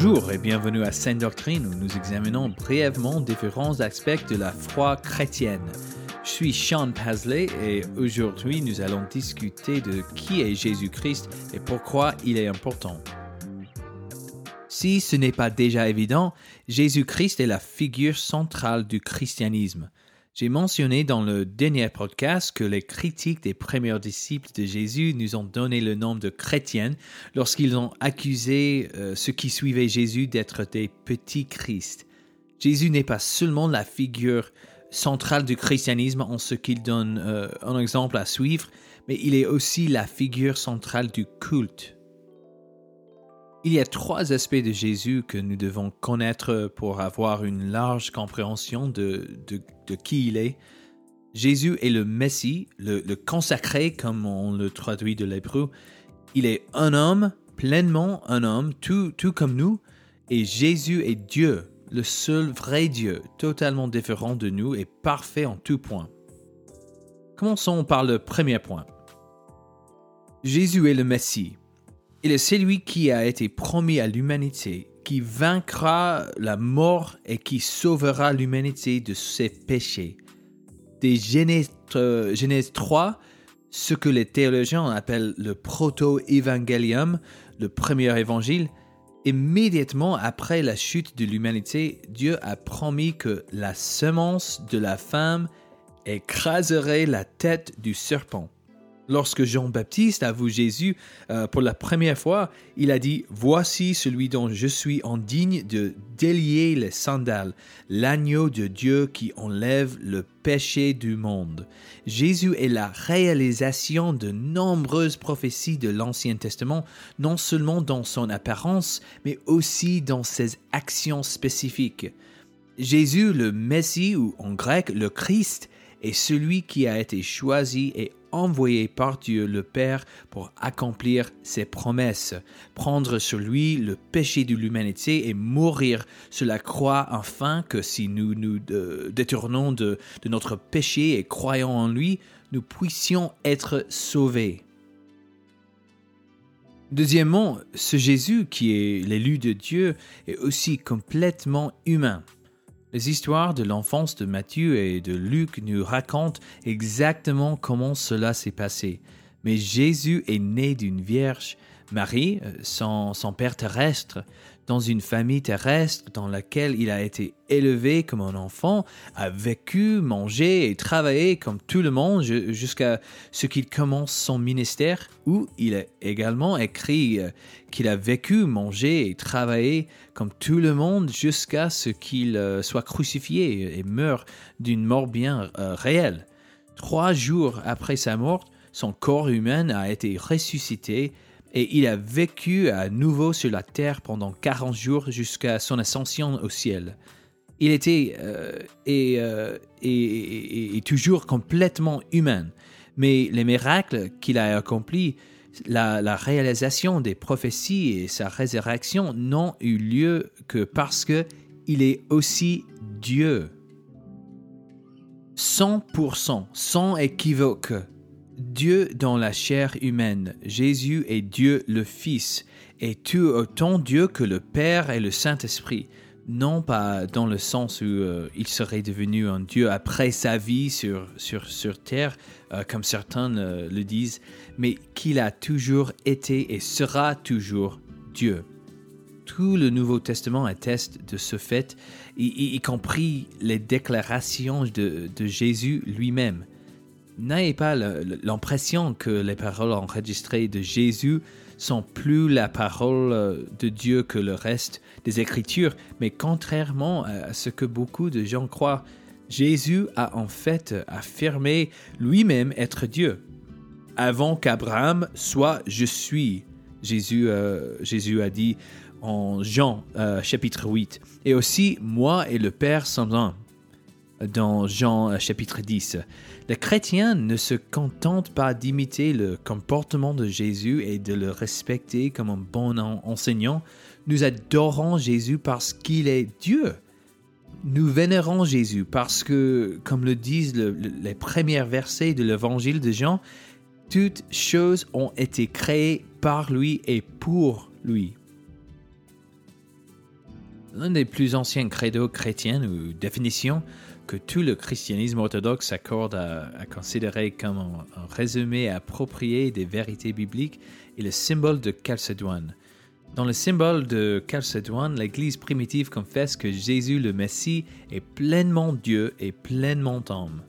Bonjour et bienvenue à Sainte Doctrine où nous examinons brièvement différents aspects de la foi chrétienne. Je suis Sean Pasley et aujourd'hui nous allons discuter de qui est Jésus-Christ et pourquoi il est important. Si ce n'est pas déjà évident, Jésus-Christ est la figure centrale du christianisme. J'ai mentionné dans le dernier podcast que les critiques des premiers disciples de Jésus nous ont donné le nom de chrétiens lorsqu'ils ont accusé euh, ceux qui suivaient Jésus d'être des petits Christ. Jésus n'est pas seulement la figure centrale du christianisme en ce qu'il donne un euh, exemple à suivre, mais il est aussi la figure centrale du culte il y a trois aspects de Jésus que nous devons connaître pour avoir une large compréhension de, qui il est. Jésus est le Messie, le, consacré comme on le traduit de l'hébreu. Il est un homme, pleinement un homme, tout, tout comme nous. Et Jésus est Dieu, le seul vrai Dieu, totalement différent de nous et parfait en tout point. Commençons par le premier point. Jésus est le Messie. Il celui qui a été promis à l'humanité, qui vaincra la mort et qui sauvera l'humanité de ses péchés. Des Genèse, 3, euh, ce que les théologiens appellent le proto evangelium le premier évangile, immédiatement après la chute de l'humanité, Dieu a promis que la semence de la femme écraserait la tête du serpent. Lorsque Jean-Baptiste a vu Jésus euh, pour la première fois, il a dit ⁇ Voici celui dont je suis en digne de délier les sandales, l'agneau de Dieu qui enlève le péché du monde. ⁇ Jésus est la réalisation de nombreuses prophéties de l'Ancien Testament, non seulement dans son apparence, mais aussi dans ses actions spécifiques. Jésus, le Messie ou en grec le Christ, est celui qui a été choisi et envoyé par Dieu le Père pour accomplir ses promesses, prendre sur lui le péché de l'humanité et mourir sur la croix afin que si nous nous euh, détournons de, de notre péché et croyons en lui, nous puissions être sauvés. Deuxièmement, ce Jésus qui est l'élu de Dieu est aussi complètement humain. Les histoires de l'enfance de Matthieu et de Luc nous racontent exactement comment cela s'est passé. Mais Jésus est né d'une vierge, Marie, euh, son, père terrestre, dans une famille terrestre dans laquelle il a été élevé comme un enfant, a vécu, mangé et travaillé comme tout le monde jusqu'à ce qu'il commence son ministère, où il a également écrit euh, qu'il a vécu, mangé et travaillé comme tout le monde jusqu'à ce qu'il euh, soit crucifié et meure d'une mort bien réelle. Trois jours après sa mort, son corps humain a été ressuscité et il a vécu à nouveau sur la terre pendant 40 jours jusqu'à son ascension au ciel. Il était euh, euh, et, toujours complètement humain, mais les miracles qu'il a accomplis, la, réalisation des prophéties et sa résurrection n'ont eu lieu que parce qu'il est aussi Dieu. 100%, sans équivoque. Dieu dans la chair humaine, Jésus est Dieu le Fils, et tu autant Dieu que le Père et le Saint-Esprit, non pas dans le sens où euh, il serait devenu un Dieu après sa vie sur, sur, sur terre, euh, comme certains euh, le disent, mais qu'il a toujours été et sera toujours Dieu. Tout le Nouveau Testament atteste de ce fait, y, y compris les déclarations de, de Jésus lui-même n'ayez pas l'impression que les paroles enregistrées de Jésus sont plus la parole euh, de Dieu que le reste des Écritures, mais contrairement à ce que beaucoup de gens croient, Jésus a en fait affirmé lui-même être Dieu. Avant qu'Abraham soit je suis, Jésus, euh, Jésus a dit en Jean euh, chapitre 8, et aussi moi et le Père sommes un dans Jean euh, chapitre 10. Les chrétiens ne se contentent pas d'imiter le comportement de Jésus et de le respecter comme un bon enseignant. Nous adorons Jésus parce qu'il est Dieu. Nous vénérons Jésus parce que, comme le disent les premiers versets de l'évangile de Jean, toutes choses ont été créées par lui et pour lui. L'un des plus anciens credos chrétiens ou définitions que tout le christianisme orthodoxe s'accorde à, considérer comme un, résumé approprié des vérités bibliques est le symbole de Chalcédoine. Dans le symbole de Chalcédoine, l'Église primitive confesse que Jésus le Messie est pleinement Dieu et pleinement homme.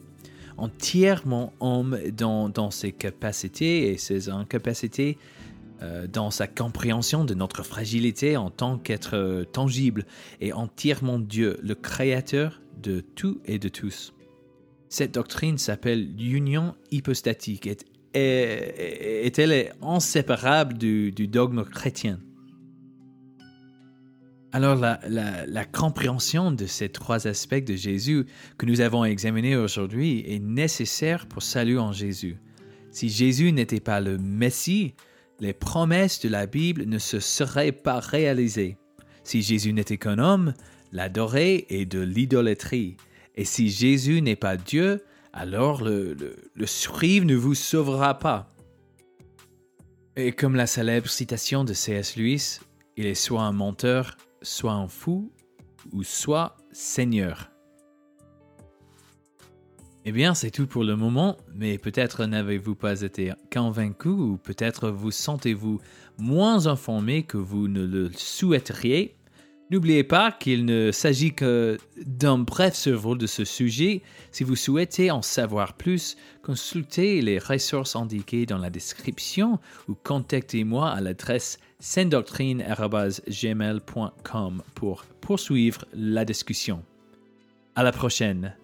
Entièrement homme dans, ses capacités et ses incapacités, euh, dans sa compréhension de notre fragilité en tant qu'être euh, tangible, et entièrement Dieu, le Créateur de tout et de tous. Cette doctrine s'appelle l'union hypostatique et, elle est inséparable du, dogme chrétien. Alors la, compréhension de ces trois aspects de Jésus que nous avons examinés aujourd'hui est nécessaire pour saluer en Jésus. Si Jésus n'était pas le Messie, les promesses de la Bible ne se seraient pas réalisées. Si Jésus n'était qu'un homme, L'adorer est de l'idolâtrie. Et si Jésus n'est pas Dieu, alors le, le, ne vous sauvera pas. Et comme la célèbre citation de C.S. Lewis, il est soit un menteur, soit un fou, ou soit seigneur. Eh bien, c'est tout pour le moment, mais peut-être n'avez-vous pas été convaincu ou peut-être vous sentez-vous moins informé que vous ne le souhaiteriez. N'oubliez pas qu'il ne s'agit que d'un bref survol de ce sujet. Si vous souhaitez en savoir plus, consultez les ressources indiquées dans la description ou contactez-moi à l'adresse scendoctrine-gmail.com pour poursuivre la discussion. À la prochaine!